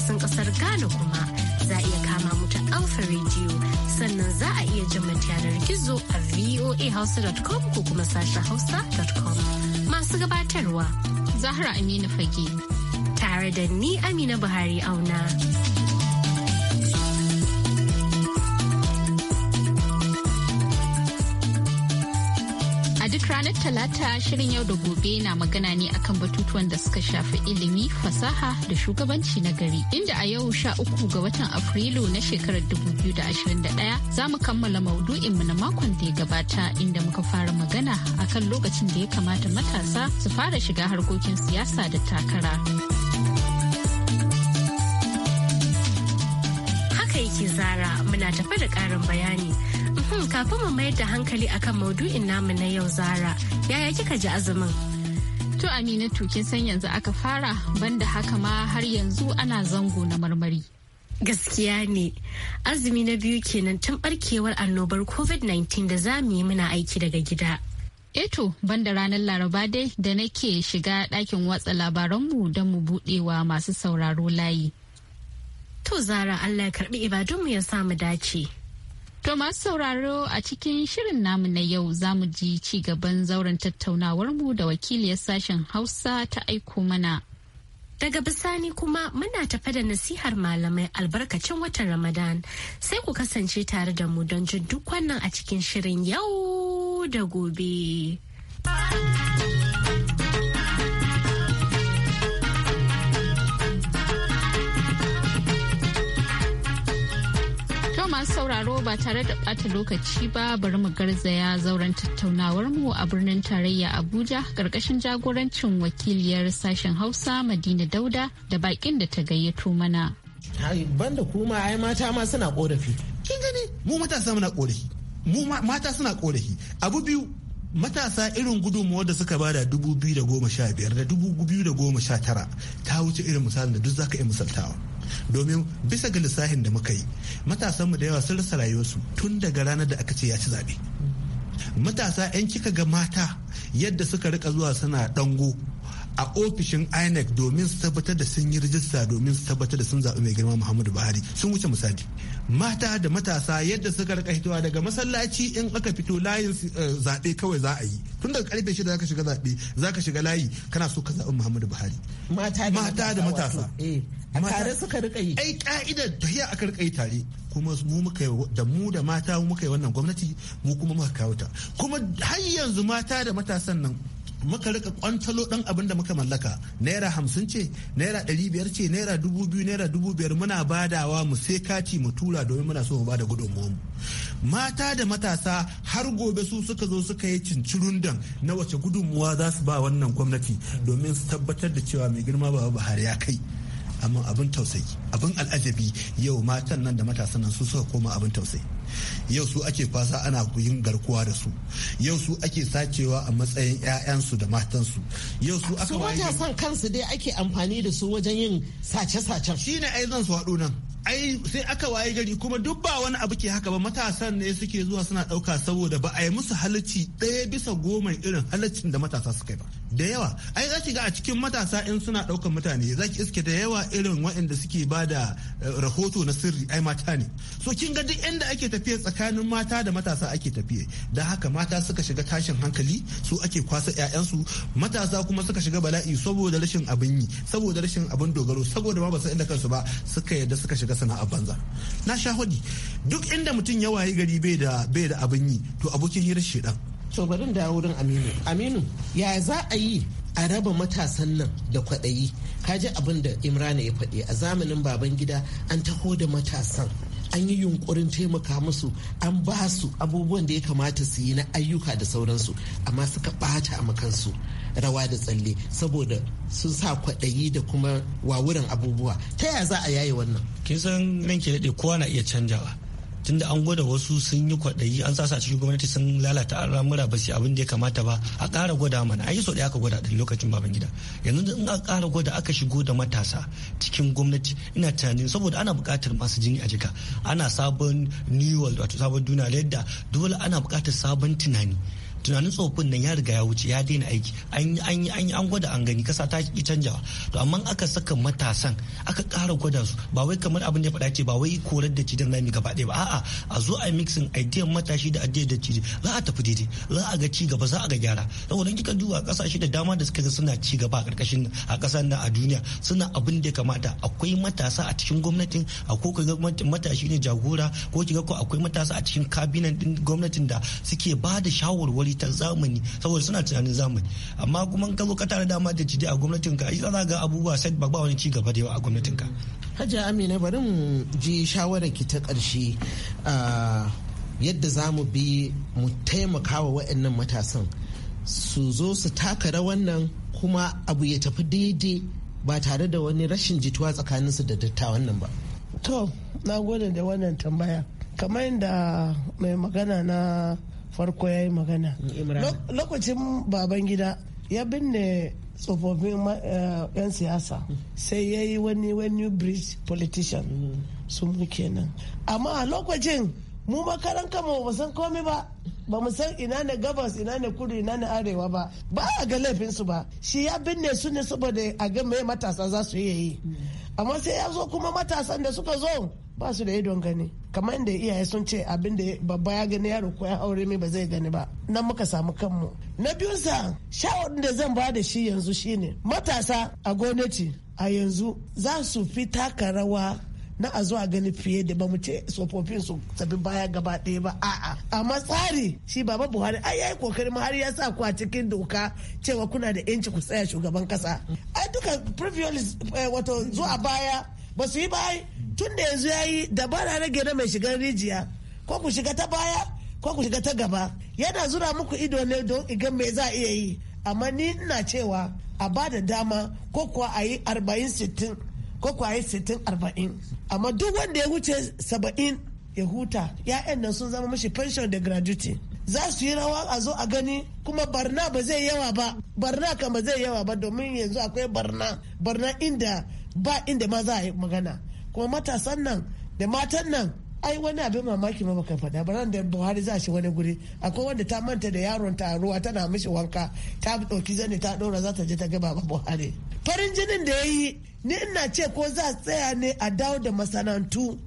sassan kasar Ghana kuma za a iya kama mu ta Alpha Radio sannan za a iya jin yanar gizo a voahausa.com ko kuma sashen hausa.com. Masu gabatarwa Zahra Amina Fage tare da ni Amina Buhari auna. duk ranar Talata shirin yau da gobe na magana ne akan batutuwan da suka shafi ilimi, fasaha da shugabanci na gari. Inda a yau sha uku ga watan Afrilu na shekarar da 2021 za mu kammala maudu'in mu na makon da ya gabata inda muka fara magana akan lokacin da ya kamata matasa su fara shiga harkokin siyasa da takara. Haka yake zara muna tafa da ƙarin bayani. kafin mu mayar da hankali akan maudu'in namu na yau zara yaya kika ji azumin to aminatu kin san yanzu aka fara banda haka ma har yanzu ana zango na marmari gaskiya ne azumi na biyu kenan tun barkewar annobar covid-19 da za mu yi muna aiki daga gida eto eh banda ranar laraba dai da nake shiga ɗakin watsa labaranmu don mu buɗewa masu sauraro layi to zara allah ya karɓi ibadunmu ya samu dace To masu sauraro a cikin shirin namu na yau za mu ji ci gaban zauren tattaunawarmu da wakiliyar sashen Hausa ta aiko mana. Daga bisani kuma muna tafa da nasihar malamai albarkacin watan Ramadan sai ku kasance tare da mu don jin duk wannan a cikin shirin yau da gobe. masu sauraro ba tare da ɓata lokaci ba bari mu garzaya zauren tattaunawar mu a birnin tarayya Abuja ƙarƙashin jagorancin wakiliyar sashen Hausa Madina Dauda da baƙin da ta gayyato mana. Banda kuma ai mata ma suna ƙorafi. Kin gani mu matasa muna ƙorafi. Mu mata suna ƙorafi. Abu biyu matasa irin gudunmuwar da suka bada biyu da goma goma sha sha biyar da da dubu biyu tara ta wuce irin misalin da duk zaka iya misaltawa. domin bisa ga lissafin da muka yi matasanmu da yawa sun rasa rayuwarsu tun daga ranar da aka ce ya ci zaɓe matasa 'yan kika ga mata yadda suka rika zuwa suna dango a ofishin inec domin su tabbatar da sun yi rijista domin su tabbatar da sun zaɓi mai girma muhammadu buhari sun wuce misali mata da matasa yadda suka rika hitowa daga masallaci in aka fito layin eh, zaɓe kawai za a yi tun daga karfe shida zaka shiga zaɓe zaka shiga layi kana so ka zaɓi muhammadu buhari mata da matasa eh, a tare suka rika yi ai ta tahiya aka rika yi tare kuma mu muka da mu da mata mu muka yi wannan gwamnati mu kuma muka kawo ta kuma har yanzu mata da matasan nan muka rika kwantalo dan abin da muka mallaka naira hamsin ce naira ɗari biyar ce naira dubu biyu naira dubu biyar muna badawa mu sai kati mu tura domin muna so mu bada gudunmuwan mata da matasa har gobe su suka zo suka yi cincirundan na wace gudunmuwa za su ba wannan gwamnati domin su tabbatar da cewa mai girma baba buhari ya kai amma abin tausayi abin al'ajabi yau matan nan da matasan nan su suka koma abin tausayi yau su ake fasa ana yin garkuwa da su yau su ake sacewa a matsayin 'ya'yansu da matansu yau su aka waye matasan kansu dai ake amfani da su wajen yin sace-sacen shine ai zan su haɗu nan ai sai aka waye gari kuma duk ba wani abu ke haka ba matasan ne suke zuwa suna ɗauka saboda ba a yi musu halacci ɗaya bisa goma irin halaccin da matasa suka yi ba da yawa ai za ki ga a cikin matasa in suna ɗaukan mutane za ki iske da yawa irin waɗanda suke ba da eh, rahoto na sirri ai mata ne so kin ga duk inda ake ta tafiye tsakanin mata da matasa ake tafiye da haka mata suka shiga tashin hankali su ake kwasa 'ya'yansu matasa kuma suka shiga bala'i saboda rashin abin yi saboda rashin abin dogaro saboda ma ba san inda kansu ba suka yadda suka shiga sana'ar banza na sha hudi duk inda mutum ya wayi gari bai da bai da abin yi to abokin hirar shedan to bari da wurin aminu aminu ya za a yi a raba matasan nan da kwaɗayi kaji abin da imrana ya faɗi a zamanin baban gida an taho da matasan an yi yunkurin taimaka musu an ba su abubuwan da ya kamata su yi na ayyuka da sauransu amma suka ɓata a makansu rawa da tsalle saboda sun sa kwaɗayi da kuma wawuran abubuwa ta yaya za a yaye wannan kin san ranke daɗe kowa na iya canjawa da an gwada wasu sun yi kwaɗayi an sa cikin gwamnati sun lalata al'amura ba su abin da ya kamata ba a ƙara gwada mana a yi so ɗaya aka gwada ɗin lokacin baban gida yanzu in aka ƙara gwada aka shigo da matasa cikin gwamnati ina tunanin saboda ana buƙatar masu jini a jika ana sabon new world wato sabon duniya yadda dole ana buƙatar sabon tunani tunanin tsofin nan ya riga ya wuce ya daina aiki an an gwada an gani kasa ta ki canjawa to amma aka saka matasan aka ƙara gwada su ba wai kamar abin da faɗa ce ba wai korar da cidan zami gaba ɗaya ba a'a a zo a mixin idea matashi da idea da cidi za a tafi daidai za a ga ci gaba za a ga gyara saboda kika duba kasashe da dama da suka ga suna ci gaba a ƙarƙashin a ƙasar nan a duniya suna abin da kamata akwai matasa a cikin gwamnatin Ko ka ga matashi ne jagora ko kiga ko akwai matasa a cikin kabinan din gwamnatin da suke ba da shawarwari sauri ta zamani saboda suna tunanin zamani amma kuma ka zo ka tara dama da jide a gwamnatin ka za ga abubuwa sai ba wani ci gaba da yawa a gwamnatin ka Hajiya Amina bari mu ji shawarar ki ta ƙarshe yadda za mu bi mu taimaka wa waɗannan matasan su zo su taka rawan nan kuma abu ya tafi daidai ba tare da wani rashin jituwa tsakaninsu da dattawan nan ba. To, na gode da wannan tambaya. Kamar da mai magana na farko ya yi magana lokacin baban gida ya binne tsofaffin eh, yan siyasa sai ya yi wani wani bridge politician mm. su mu kenan amma a lokacin mu makaran kama ba san komai ba ba mu san ina ne gabas ina ne kudu ina ne arewa ba ba a ga laifinsu ba shi ya binne su ne saboda a ga mai matasa za su yi mm. amma sai ya zo kuma matasan da suka zo ba su da idon gani kamar inda iyaye sun ce abin da babba ya gani yaro ko ya aure mai ba zai gani ba nan muka samu kanmu na biyunsa shawarar da zan ba da shi yanzu shine matasa a gwamnati a yanzu za su fi taka rawa na a zuwa gani fiye da bamu ce tsofaffin su tafi baya gaba ɗaya ba a'a amma tsari shi baba buhari ai yayi kokari har ya sa ku a cikin doka cewa kuna da yanci ku tsaya shugaban kasa ai duka previous eh, wato zuwa baya ba su yi ba tun da yanzu ya yi dabara rage na mai shigar rijiya ko ku shiga ta baya ko ku shiga ta gaba yana zura muku ido ne don iga me za a iya yi amma ni ina cewa a ba da dama ko kuwa a yi arba'in sittin ko kuwa a yi sittin arba'in amma duk wanda ya wuce saba'in ya huta ya'yan nan sun zama mashi pension da graduate. za su yi rawa a zo a gani kuma barna ba zai yawa ba barna kama zai yawa ba domin yanzu akwai barna barna inda ba inda ma za a yi magana kuma matasan nan da matan nan ai wani abin mamaki ma baka faɗa ba da buhari za shi wani guri akwai wanda ta manta da yaron ta ruwa tana mishi wanka ta ɗauki zane ta ɗora za ta je ta gaba ba buhari farin jinin da ya yi ni ina ce ko za tsaya ne a dawo da masana'antu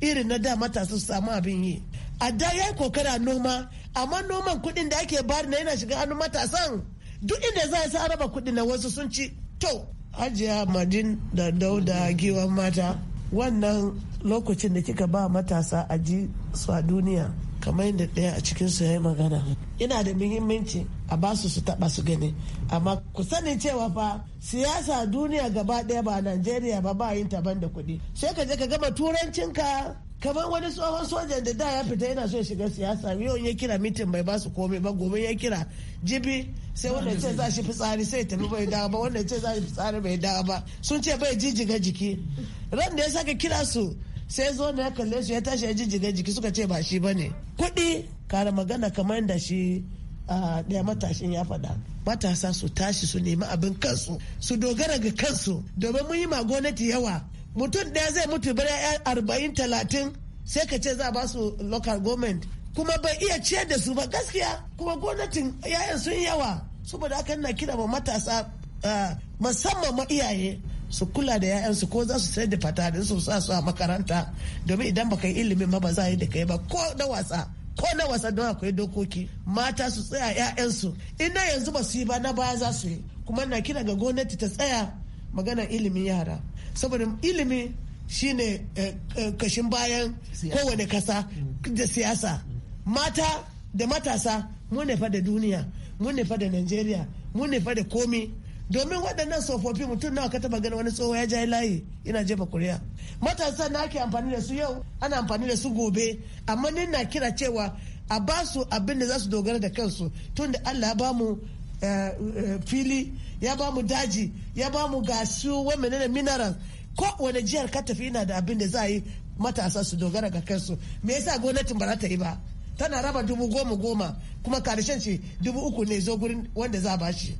irin na da matasa su samu abin yi a da ya yi kokara noma amma noman kuɗin da ake bari na yana shiga hannun matasan duk inda za a sa raba kuɗi na wasu sun ci to ajiya madin da dauda giwan mata wannan lokacin da kika ba matasa a ji su a duniya kamar yadda ɗaya a su ya yi magana ina da muhimmanci a ba su su taɓa su gani amma ku sani cewa fa siyasa duniya gaba ɗaya ba najeriya ba ba yin taban da kuɗi sai ka je ka gama turancinka kamar wani tsohon sojan da da ya fita yana so ya shiga siyasa yau ya kira mitin bai basu komai ba gobe ya kira jibi sai wanda ce za shi fitsari sai tafi bai dawo ba wanda ce za shi fitsari bai dawo ba sun ce bai jijjiga jiki ran da ya saka kira su sai zo na ya kalle su ya tashi ya jijjiga jiki suka ce ba shi ba ne kuɗi kare magana kamar da shi ɗaya matashin ya faɗa matasa su tashi su nemi abin kansu su dogara ga kansu domin mun yi ma gwamnati yawa mutum ɗaya zai mutu bare arba'in talatin sai ka ce za ba su local government kuma bai iya ciyar da su ba gaskiya kuma gwamnatin yayan sun yawa saboda haka na kira ma matasa eh, musamman ma iyaye su kula da yayansu ko za su sayar da fatarin su sa su a makaranta domin idan baka yi ilimin ma ba za yi da kai ba ko na wasa ko na wasa don akwai dokoki mata su tsaya yayansu ina yanzu ba su yi ba na baya za su yi kuma na kira ga gwamnati ta tsaya magana ilimin yara saboda ilimi shine eh, eh, kashin bayan kowane kasa da siyasa mata da matasa mun nufa da duniya mun nufa da Nigeria mun nufa da komi domin waɗannan tsofaffi mutum nawa ka taba gani wani tsoho ya jayi layi ina jefa kuriya matasa na ake amfani da su yau ana amfani da su gobe amma ni kira cewa a ba su abin da za su dogara da kansu tun da allah ya bamu Eh, eh, fili ya ba mu daji ya ba mu gasu wa menene mineral ko wani jihar ka tafi ina da abin da za a yi matasa su dogara ga kansu me yasa gwamnatin ba za ta yi ba tana raba dubu goma goma kuma karshen ce dubu uku ne zo gurin wanda za a shi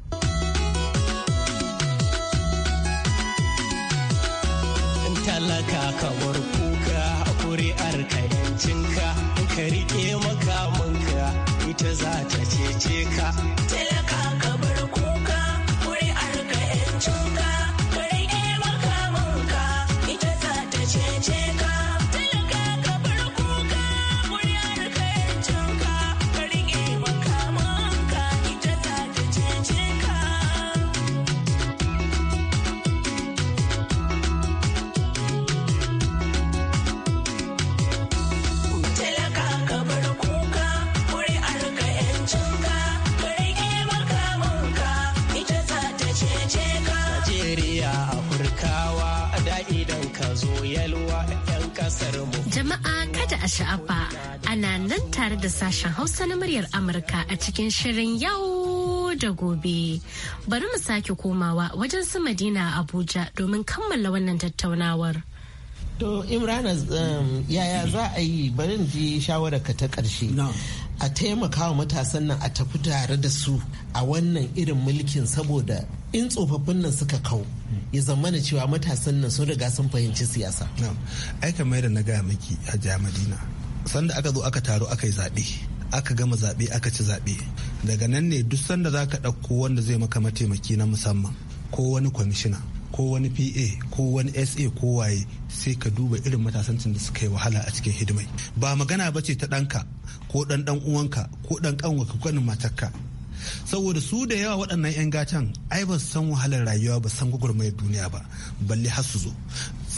talaka kamar kuka a kuri'ar kayancinka ka rike makamanka ita za ta cece ka. a sha'afa ana nan tare da sashen hausa na muryar amurka a cikin shirin yau da gobe bari mu sake komawa wajen su madina abuja domin kammala wannan tattaunawar to imrana um, yaya za a yi barin ji shawararka ta ƙarshe a taimaka wa matasan nan a tafi tare da su a wannan irin mulkin saboda in tsofaffin nan suka kau ya zamana cewa matasan nan sun riga sun fahimci siyasa. ai kamar da na gaya miki a jamadina sanda aka zo aka taro aka yi zaɓe aka gama zaɓe aka ci zaɓe daga nan ne duk sanda za ka ɗauko wanda zai maka mataimaki na musamman ko wani kwamishina ko wani pa ko wani sa ko waye sai ka duba irin matasancin da suka yi wahala a cikin hidimai ba magana ba ce ta ɗanka ko ɗan ɗan uwanka ko ɗan ƙanwa ko ɗan matarka saboda su da yawa waɗannan 'yan gatan ai ba san wahalar rayuwa ba san gwagwarmayar duniya ba balle har su zo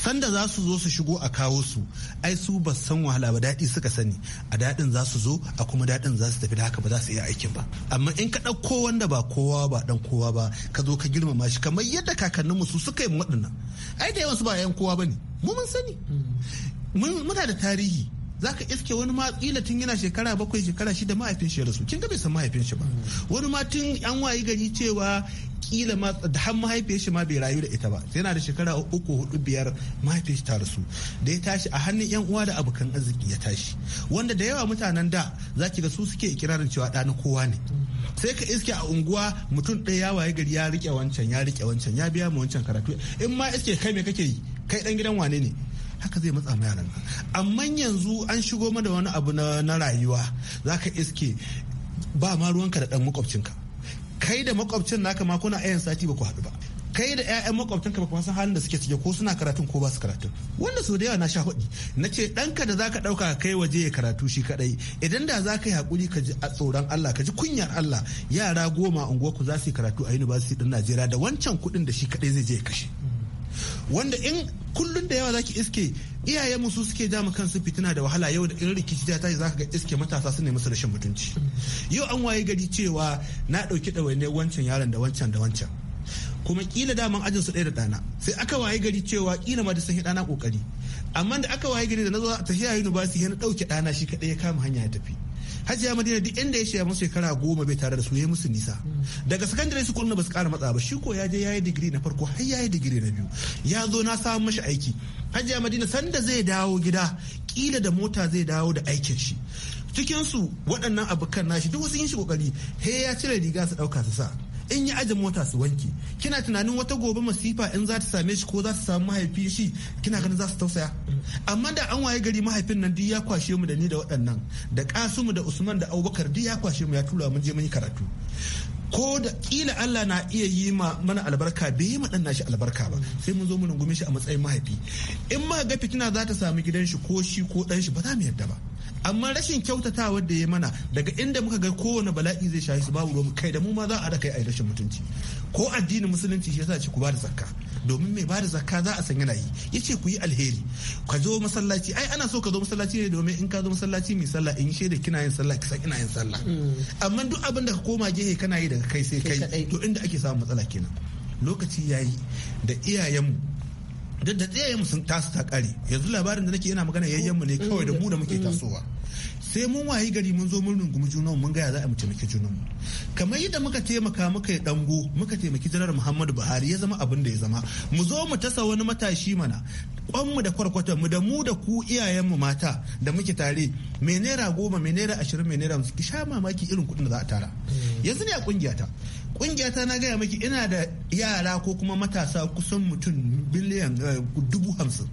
sanda za su zo su shigo a kawo su ai su ba san wahala ba daɗi suka sani a daɗin za su zo a kuma daɗin za su tafi da haka ba za su yi aikin ba amma in ka ɗauko wanda ba kowa ba ɗan kowa ba ka zo ka girmama shi kamar yadda kakanninmu su suka yi waɗannan ai da yawan su ba yan kowa ba ne mu mun sani muna da tarihi Za ka iske wani ma tsila tun yana shekara bakwai shekara shida mahaifin shi ya rasu kin ga bai san mahaifin shi ba mm. wani ma tun an wayi gari cewa kila ma da har mahaifiyar shi ma bai rayu da ita ba yana da shekara uku hudu biyar mahaifiyar shi ta rasu da ya tashi a hannun yan uwa da abokan arziki ya tashi wanda da yawa mutanen da za ki ga su suke ikirarin cewa ɗa na kowa ne sai ka iske a unguwa mutum ɗaya ya waye gari ya rike wancan ya rike wancan ya biya mu wancan karatu in ma iske kai me kake yi kai dan gidan wane ne haka zai matsa ma yaran amma yanzu an shigo mana wani abu na rayuwa zaka iske ba ma ruwanka da dan makwabcinka kai da makwabcin naka ma kuna ayan sati ba ku haɗu ba kai da ƴaƴan makwabcinka ba ku san halin da suke cike ko suna karatun ko ba su karatun wanda sau da yawa na sha hudi na ce ɗanka da zaka ɗauka kai waje ya karatu shi kadai idan da zaka yi hakuri ka ji a tsoron Allah ka ji kunyar Allah yara goma unguwarku za su yi karatu a university din Najeriya da wancan kuɗin da shi kadai zai je ya kashe wanda in kullun da yawa zaki iske iyayen mu su suke kan kansu fitina da wahala yau da irin rikici ta yi zaka ga iske matasa su ne musu rashin mutunci yau an waye gari cewa na dauki ɗawainiyar wancan yaron da wancan da wancan kuma kila daman ajin su ɗaya da ɗana sai aka waye gari cewa kila ma da sun ɗana kokari amma da aka waye gari da na zo ta hiyayi university ya na ɗauke ɗana shi kaɗai ya kama hanya ya tafi hajiya madina duk inda ya shiga musu shekara goma bai tare da su ya musu nisa daga sakandare su kunna ba su kara matsa ba shi ko ya je ya yi digiri na farko har ya yi digiri na biyu ya zo na samu mashi aiki hajiya madina sanda zai dawo gida kila da mota zai dawo da aikin shi cikin su waɗannan abokan nashi duk wasu yin shi kokari he ya cire riga su ɗauka su sa in ya ajiye mota su wanke kina tunanin wata gobe masifa in za ta same shi ko za ta samu mahaifi shi kina ganin za su tausaya amma da an waye gari mahaifin nan duk ya kwashe mu da ni da waɗannan da kasumu da usman da abubakar duk ya kwashe mu ya tura mun je mun yi karatu ko da kila Allah na iya yi ma mana albarka bai yi maɗan shi albarka ba sai mun zo mu rungume shi a matsayin mahaifi in ma ga fitina za ta sami gidan shi ko shi ko ɗan shi ba za mu yarda ba amma rashin kyautatawa da ya mana daga inda muka ga kowane bala'i zai shahi su babu ruwa kai da mu ma za a da kai a rashin mutunci ko addinin musulunci shi yasa ce ku ba da zakka domin mai ba da zakka za a san yana yi yace ku yi alheri ka zo masallaci ai ana so ka zo masallaci ne domin in ka zo masallaci mai sallah in shaida kina yin sallah ki san ina yin sallah mm. amma duk abin da ka koma gehe kana yi daga kai sai kai to inda ake samun matsala kenan lokaci yayi da iyayenmu da da mu sun tasu ta kare yanzu labarin da nake yana magana yayyen ne kawai da mu da muke tasowa sai mun wayi gari mun zo mun rungumi junanmu mun gaya za a mu taimaki junanmu kamar yadda muka taimaka muka yi dango muka taimaki janar muhammadu buhari ya zama abin da ya zama mu zo mu tasa wani matashi mana kwanmu da kwarkwatan mu da mu da ku iyayenmu mata da muke tare mai naira goma mai naira ashirin mai naira ki sha mamaki irin kuɗin da za a tara mm. yanzu ne a kungiyata kungiyata na gaya miki ina da yara ko kuma matasa kusan mutum biliyan eh, dubu hamsin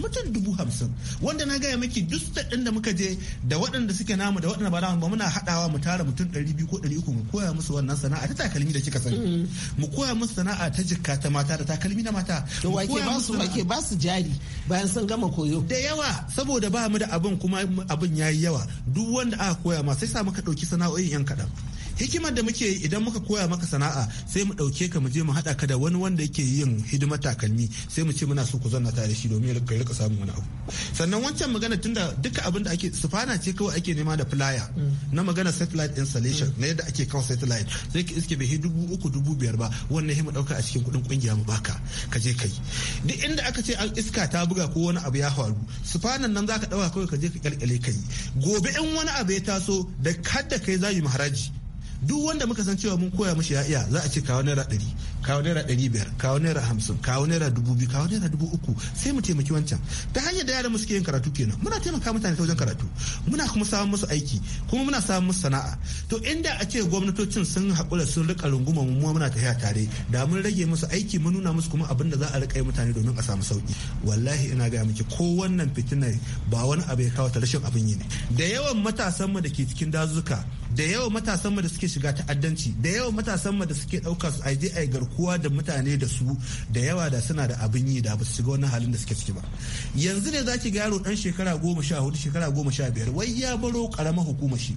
mutum dubu hamsin wanda na gaya maki duk ɗin da muka je da waɗanda suke namu da waɗanda ba namu ba muna haɗawa mu tara mutum ɗari biyu ko ɗari uku mu koya musu wannan sana'a ta takalmi da kika sani mm. mu koya musu sana'a ta jikka ta mata da takalmi na mata to wake ba su wake ba su jari bayan sun gama koyo da yawa saboda ba mu da abin kuma abin yayi yawa duk wanda aka koya ma sai sa muka ɗauki sana'o'in yan kaɗan hikimar da muke idan muka koya maka sana'a sai mu ɗauke ka mu je mu hada ka da wani wanda yake yin hidimar takalmi sai mu ce muna so ku zanna tare shi domin ka rika samun wani abu sannan wancan magana tunda duka abin da ake sufana ce kawai ake nema da flyer mm. na magana satellite installation mm. na yadda ake kawo satellite sai ka iske bai dubu uku dubu biyar ba wannan hima dauka a cikin kuɗin kungiya mu baka ka je kai duk inda aka ce an iska ta buga ko wani abu ya faru sufanan nan zaka dauka kawai ka je ka kalkale kai gobe in wani abu ya taso da kadda kai zai yi maharaji duk wanda muka san cewa mun koya mishi ya iya za a ce kawo naira ɗari kawo naira ɗari biyar kawo naira hamsin kawo naira dubu biyu kawo naira dubu uku sai mu taimaki wancan ta hanyar da yaran mu suke yin karatu kenan muna taimaka mutane ta wajen karatu muna kuma samun musu aiki kuma muna samun musu sana'a to inda a ce gwamnatocin sun haƙura sun rika runguma mu muna tafiya tare da mun rage musu aiki mun nuna musu kuma abin da za a rika mutane domin a samu sauki wallahi ina gaya miki ko wannan fitinar ba wani abu ya kawo ta rashin abin yi ne da yawan matasan mu da ke cikin dazuka da yawan matasan da suke shiga ta'addanci da yawan matasan da suke ɗauka su aje a garkuwa da mutane da su da yawa da suna da abin yi da ba su shiga wannan halin da suke ciki ba yanzu ne zaki ga yaro dan shekara goma sha hudu shekara goma sha biyar wai ya baro karamar hukumar shi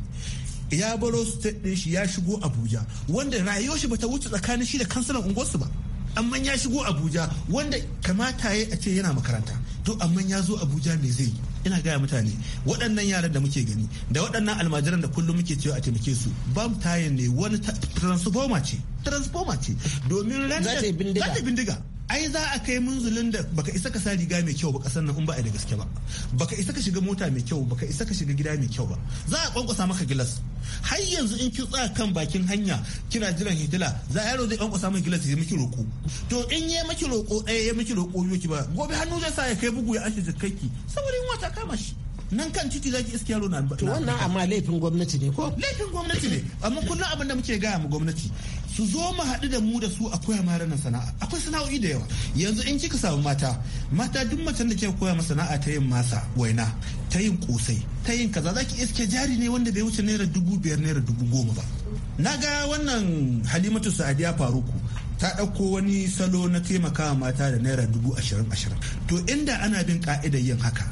ya baro state din shi ya shigo abuja wanda rayuwar shi bata wuce tsakanin shi da kansilan unguwarsu ba amma ya shigo abuja wanda kamata ya a ce yana makaranta to amma ya zo abuja me zai yi ina gaya mutane waɗannan yaran da muke gani da waɗannan almajiran da kullum muke cewa a taimake su bam tayin ne wani transformer ce transformer ce domin za ta bindiga ai za a kai munzulin da baka isa ka sa riga mai kyau ba kasan nan in ba da gaske ba baka isa ka shiga mota mai kyau baka isa ka shiga gida mai kyau ba za a kwankwasa maka gilas har yanzu in ki tsaya kan bakin hanya kina jiran hitila za yaro zai kwankwasa maka gilas ya miki roko to in ya miki roko ɗaya eh, ya miki roko yoki ba gobe hannu zai sa ya kai bugu ya ashe ki saboda yin wata kama shi nan kan titi zaki iske yaro na to wannan amma laifin gwamnati ne ko laifin gwamnati ne amma kullum abin da muke gaya mu gwamnati su zo mu haɗu da mu da su a koya ma ranar sana'a akwai sana'o'i da yawa yanzu in kika samu mata mata duk macen da ke koya ma sana'a ta yin masa waina ta yin kosai ta yin kaza zaki iske jari ne wanda bai wuce naira dubu biyar naira dubu goma ba na ga wannan halimatu sa'adiya faruku ta ɗauko wani salo na taimakawa mata da naira dubu ashirin ashirin to inda ana bin ka'idar yin haka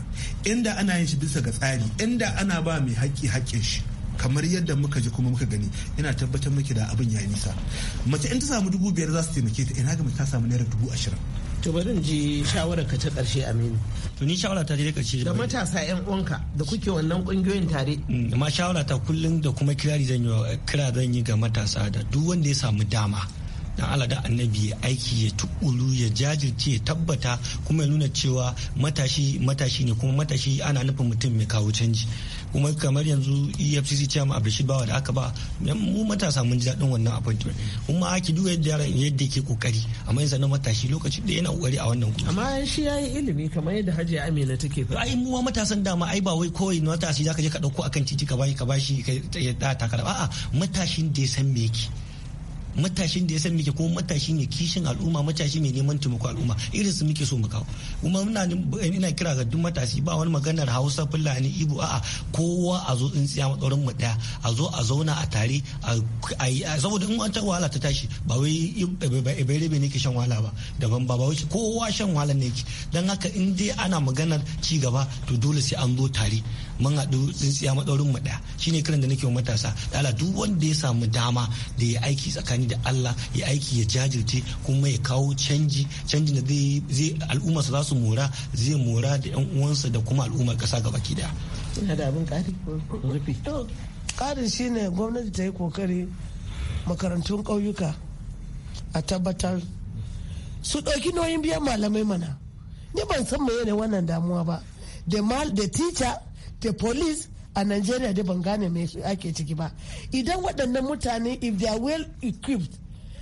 inda ana yin shi bisa ga tsari inda ana ba mai haƙƙi haƙƙin shi kamar yadda muka ji kuma muka gani ina tabbatar miki da abin ya nisa mace in ta samu dubu biyar za su taimake ta ina ga mace ta samu naira dubu ashirin to bari in ji shawarar ka ta karshe aminu to ni shawara ta je karshe da matasa yan uwanka da kuke wannan kungiyoyin tare mm, amma shawara ta kullum da kuma kirari zan yi kira zan yi ga matasa da duk wanda ya samu dama dan Allah da annabi ya aiki ya tuƙulu ya jajirce ya tabbata kuma ya nuna cewa matashi matashi ne kuma matashi ana nufin mutum mai kawo canji kuma kamar yanzu efcc chairman abdulrashid bawa da aka ba mu matasa mun ji daɗin wannan appointment kuma ake duba yadda yaran yadda ke kokari amma yanzu na matashi lokaci da yana kokari a wannan kuma amma shi yayi ilimi kamar yadda hajiya amina take faɗa ai mu matasan dama ai ba wai kawai matashi zaka je ka dauko akan titi ka bashi ka bashi ya ta takara a'a matashin da ya san me yake matashin da ya san muke kuma matashi ne kishin al'umma matashi mai neman taimako al'umma irin su muke so mu kawo kuma muna ina kira ga duk matashi ba wani maganar Hausa Fulani Igbo a'a kowa a zo in tsaya matsaurin mu daya a zo a zauna a tare a saboda in an ta wahala ta tashi ba wai ibere ne ke shan wahala ba daban ba wai kowa shan wahala ne ke dan haka in dai ana maganar ci gaba to dole sai an zo tare mun haɗu tsintsiya matsaurin mu daya shine kiran da nake wa matasa ala duk wanda ya samu dama da ya aiki tsakanin da Allah ya aiki ya jajirce kuma ya kawo canji canji da zai al'umma su za su mora zai mora da yan uwansa da kuma al'ummar kasa gaba ki da. ina da abin kari rufi karin shine gwamnati ta yi kokari makarantun ƙauyuka a tabbatar su ɗauki nauyin biyan malamai mana ni ban san me ne wannan damuwa ba da teacher da police a Najeriya dai ban gane me ake ciki ba idan waɗannan mutane if they are well equipped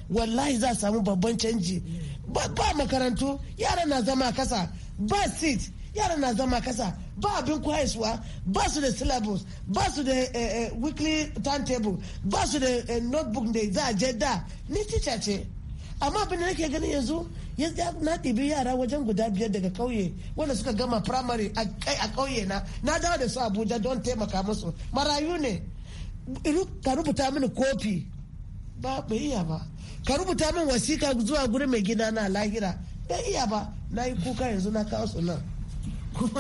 wallahi za samu babban canji ba, ba makarantu yara na zama kasa ba seat yara na zama kasa ba abin kwayaswa ba su da syllabus ba su da eh, eh, weekly timetable ba su da eh, notebook da za a je da ni teacher ce amma abin da nake ganin yanzu na ɗibi yara wajen guda biyar daga kauye wanda suka gama primary a kauye na na dawo da su abuja don taimaka musu marayu ne ka rubuta mini kofi ba bai iya ba ka rubuta min wasika zuwa guri mai gida na lahira bai iya ba na yi kuka yanzu na kawo su nan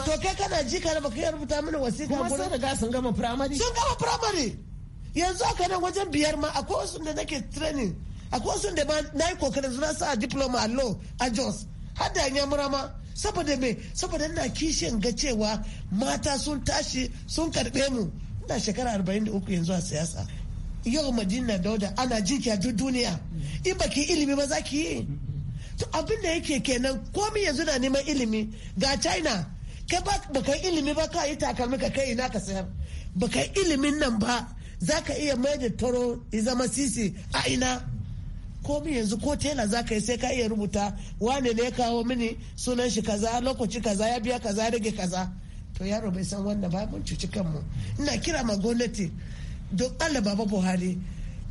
to kai kana ji ka ba kai rubuta mini wasika kuma sun daga sun gama primary sun gama primary yanzu aka nan wajen biyar ma akwai wasu da nake training akwai wasu da ma na yi kokarin suna sa diploma a law a jos har da ya murama saboda me saboda na kishin ga cewa mata sun tashi sun karbe mu ina shekara 43 yanzu a siyasa yau madina dauda ana jinki a duk duniya in baki ilimi ba za ki yi to abin da yake kenan komi yanzu na neman ilimi ga china kai ba baka ilimi ba ka yi takalmi ka kai ina ka sayar bakai ilimin nan ba za ka iya mai da toro zama sisi a ina komi yanzu ko tela za ka yi sai ka iya rubuta wane ne ya kawo mini sunan shi kaza lokaci kaza ya biya kaza rage kaza to yaro bai san wannan ba mun cuci kanmu ina kira ma gwamnati don allah baba buhari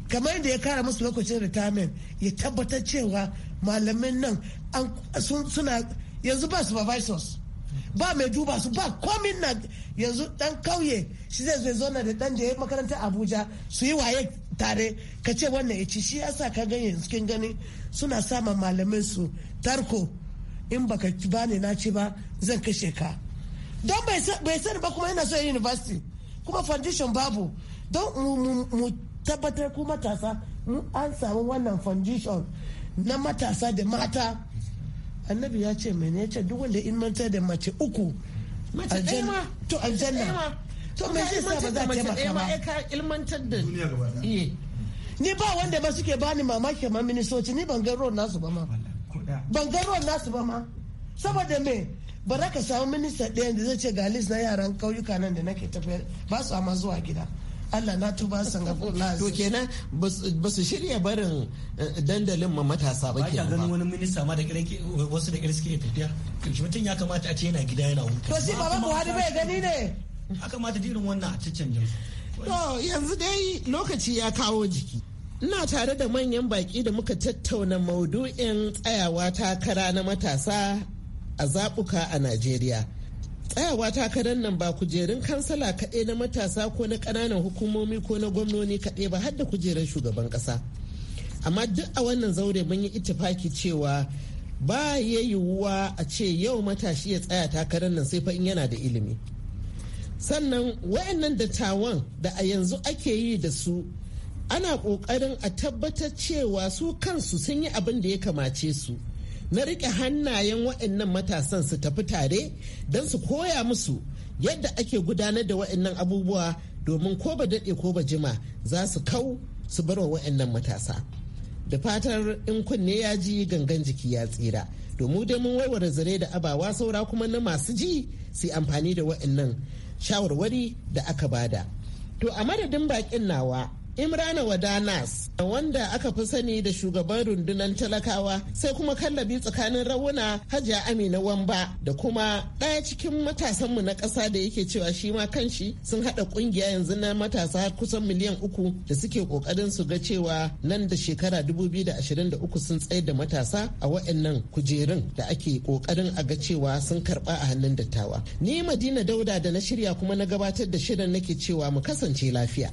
kamar da ya kara musu lokacin retirement ya tabbatar cewa malamin nan suna yanzu ba supervisors ba mai duba su ba komin na yanzu dan kauye shi zai zai zo na da dan da ya makaranta abuja su yi waye tare ka ce wannan ya ci shi yasa ka ga yanzu kin gani suna sama malamai su tarko in baka ba ne na ci ba zan kashe ka don bai sani ba kuma yana so university kuma foundation babu don mu tabbatar ku matasa an samu wannan foundation na matasa da mata annabi ya ce ne ya ce duk wanda in ilmantar da mace uku to aljanna to me zai sa ba za ta taimaka ba eh, eh, ka ilmantar da eh. ni ba wanda ba suke bani mamaki ma ministoci ni ban ga ruwan nasu ba ma ban ga ruwan nasu ba ma saboda me ba za ka samu minista ɗaya da zai ce ga list na yaran kauyuka nan da nake tafiyar ba su amma zuwa gida Allah na tuba Singapore na to kenan ba su shirya barin dandalin ma matasa ba kenan ba. Ba ganin wani minista ma da kirki wasu da kirki suke tafiya. mutun ya kamata a ce yana gida yana hutu. To shi baba Buhari bai gani ne. haka mata irin wannan a cikin jinsu. to yanzu dai lokaci ya kawo jiki ina tare da manyan baki da muka tattauna maudu'in tsayawa takara na matasa a zaɓuka a najeriya tsayawa takarar nan ba kujerun kansala kaɗai na matasa ko na ƙananan hukumomi ko na gwamnoni kaɗai ba har da kujerun shugaban ƙasa amma duk a wannan zaure mun yi ittifaki cewa ba ya yiwuwa a ce yau matashi ya tsaya takarar nan sai fa in yana da ilimi sannan wayannan dattawan da a yanzu ake yi da su ana ƙoƙarin a tabbatar cewa su kansu sun yi abin da ya kamace su na rike hannayen waɗannan matasan su tafi tare don su koya musu yadda ake gudanar da waɗannan abubuwa domin ko ba daɗe ko ba jima za su kau su bar wa waɗannan matasa da fatar in kunne ya ji gangan jiki ya tsira domin dai mun warware zare da abawa saura kuma na masu ji su amfani da waɗannan shawarwari da aka bada to a madadin bakin nawa Imrana Wadanas wanda aka fi sani da shugaban rundunar talakawa sai kuma kallabi tsakanin rawuna Hajiya Amina Wamba da kuma ɗaya cikin matasanmu na ƙasa da yake cewa shi ma kanshi sun haɗa ƙungiya yanzu na matasa kusan miliyan uku da suke ƙoƙarin su ga cewa nan da shekara 2023 sun tsayar da matasa a waɗannan kujerun da ake ƙoƙarin a ga cewa sun karɓa a hannun dattawa. Ni Madina Dauda da na shirya kuma na gabatar da shirin nake cewa mu kasance lafiya.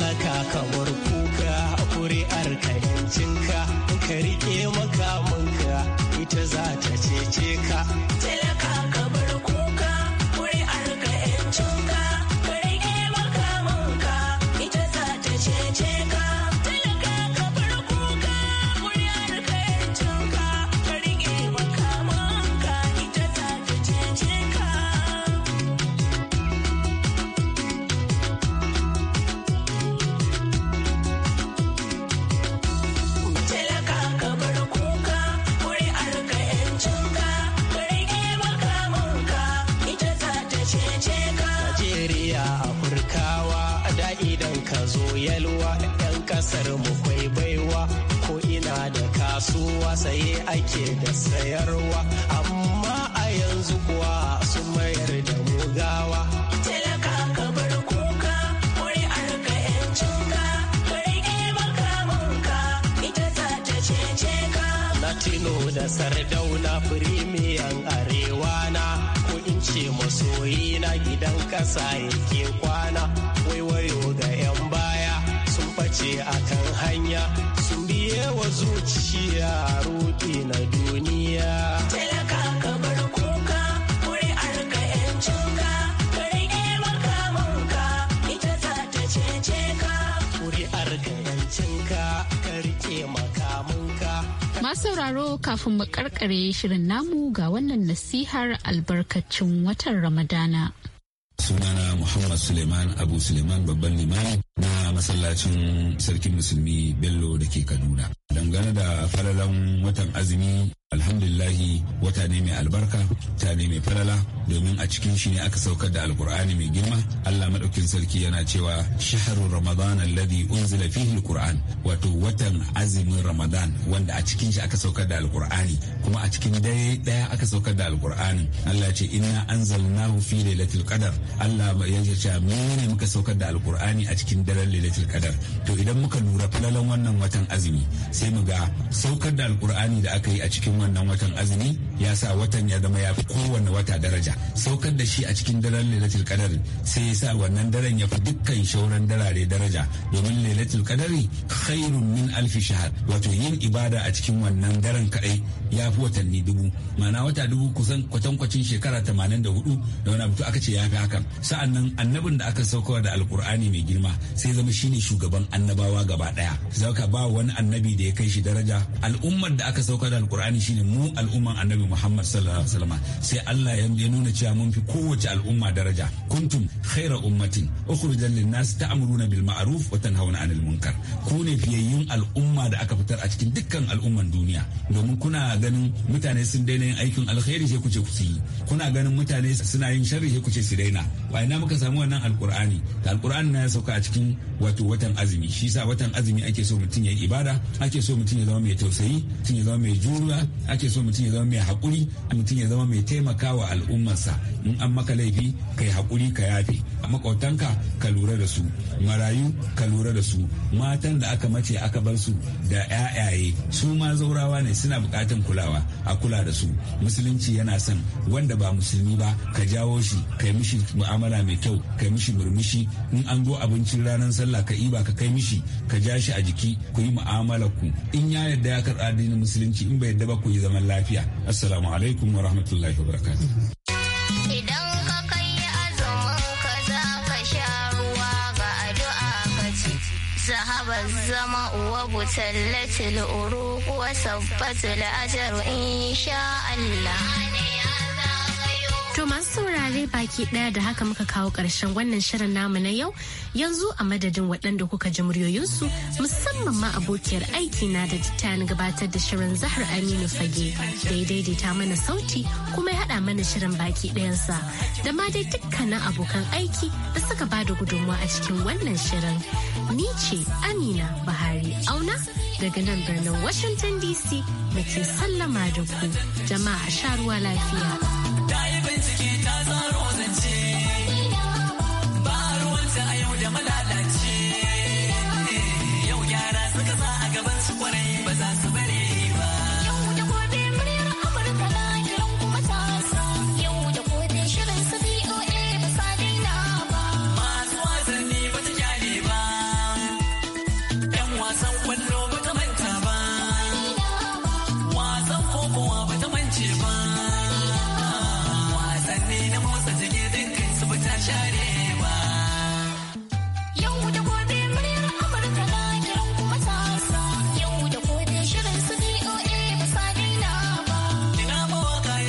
mallaka ka bar kuka kuri'ar ka yancinka ka rike makamanka ita za ta cece ka talaka ka bar kuka kuri'ar ka yancinka yalwa yan kasar mu kwai baiwa ko ina da kasuwa saye ake da sayarwa amma a yanzu kuwa sun mayar da mu gawa Tino da Sardauna firimiyan arewana ko in ce masoyi na gidan ƙasa yake kwana. a kan hanya sun biye wa zuciya roƙi na duniya talaka kamar kuka wuri arka yancinka kare maka manka ita za ta cece ka wuri arka yancinka karke makamanka Masu sauraro kafin mu karkare shirin namu ga wannan nasihar albarkacin watan Ramadana. sunana muhammad suleiman abu suleiman babban limami na masallacin sarkin musulmi bello da ke kaduna dangane da falalan watan azumi alhamdulillahi wata ne mai albarka ta ne mai falala domin a cikin shi ne aka saukar da alkur'ani mai girma allah maɗaukin sarki yana cewa shaharun ramadan alladhi unzila fihi alquran wato watan azumin ramadan wanda a cikin shi aka saukar da alkur'ani kuma a cikin dare daya aka saukar da alkur'ani allah ce inna anzalnahu fi lailatul qadar allah ya ce ne muka saukar da alkur'ani a cikin daren lailatul qadar to idan muka lura falalan wannan watan azumi sai mu ga saukar da alkur'ani da aka yi a cikin wannan watan azumi ya sa watan ya zama ya fi kowane wata daraja saukar da shi a cikin daren lailatul kadari sai ya sa wannan daren ya fi dukkan shauran darare daraja domin lailatul kadari khairun min alfi shahar wato yin ibada a cikin wannan daren kadai ya fi watanni dubu ma'ana wata dubu kusan kwatankwacin shekara tamanin da hudu wani abu aka ce ya fi haka sa'annan annabin da aka saukar da alkur'ani mai girma sai zama shine shugaban annabawa gaba daya zaka ba wani annabi da ya kai shi daraja al'ummar da aka sauka da alkur'ani shine mu al'umman annabi Muhammad sallallahu alaihi wasallam sai Allah ya nuna cewa mun fi kowace al'umma daraja kuntum khaira ummatin ukhrijal linnas ta'muruna bil ma'ruf wa tanhauna 'anil munkar ku ne fiyayyun al'umma da aka fitar a cikin dukkan al'umman duniya domin kuna ganin mutane sun daina yin aikin alkhairi sai ku ce ku yi kuna ganin mutane suna yin sharri sai ku ce su daina wa ina muka samu wannan alqur'ani da alqur'ani na ya sauka a cikin wato watan azumi shi sa watan azumi ake so mutum ya yi ibada ake so mutum ya zama mai tausayi mutum ya zama mai juriya ake so mutum ya zama mai haƙuri mutum ya zama mai taimaka wa al'ummarsa in an maka laifi ka yi haƙuri ka yafe a makwabtanka ka lura da su marayu ka lura da su matan da aka mace aka bar su da 'ya'yaye su ma zaurawa ne suna buƙatan kulawa a kula da su musulunci yana son wanda ba musulmi ba ka jawo shi ka yi mishi mu'amala mai kyau ka yi mishi murmushi in an zo abincin ranar sallah ka iba ka kai mishi ka ja shi a jiki ku yi mu'amala ku in ya yarda ya karɓa addinin musulunci in bai yarda ba ku yi zaman lafiya assalamu alaikum wa rahmatullahi wa barakatuh zahabar zama uwa butallatul uruq wa sabbatul ajru insha Allah To masu saurare baki ɗaya da haka muka kawo ƙarshen wannan shirin namu na yau yanzu a madadin waɗanda kuka ji muryoyinsu musamman ma abokiyar aiki na da na gabatar da shirin Zahar Aminu Fage daidai da ta mana sauti kuma ya haɗa mana shirin baki ɗayansa da ma dai dukkanin abokan aiki da suka ba da gudunmawa a cikin wannan shirin. Ni ce Amina Bahari Auna daga nan birnin Washington DC da ke sallama da ku jama'a sha ruwa lafiya. malala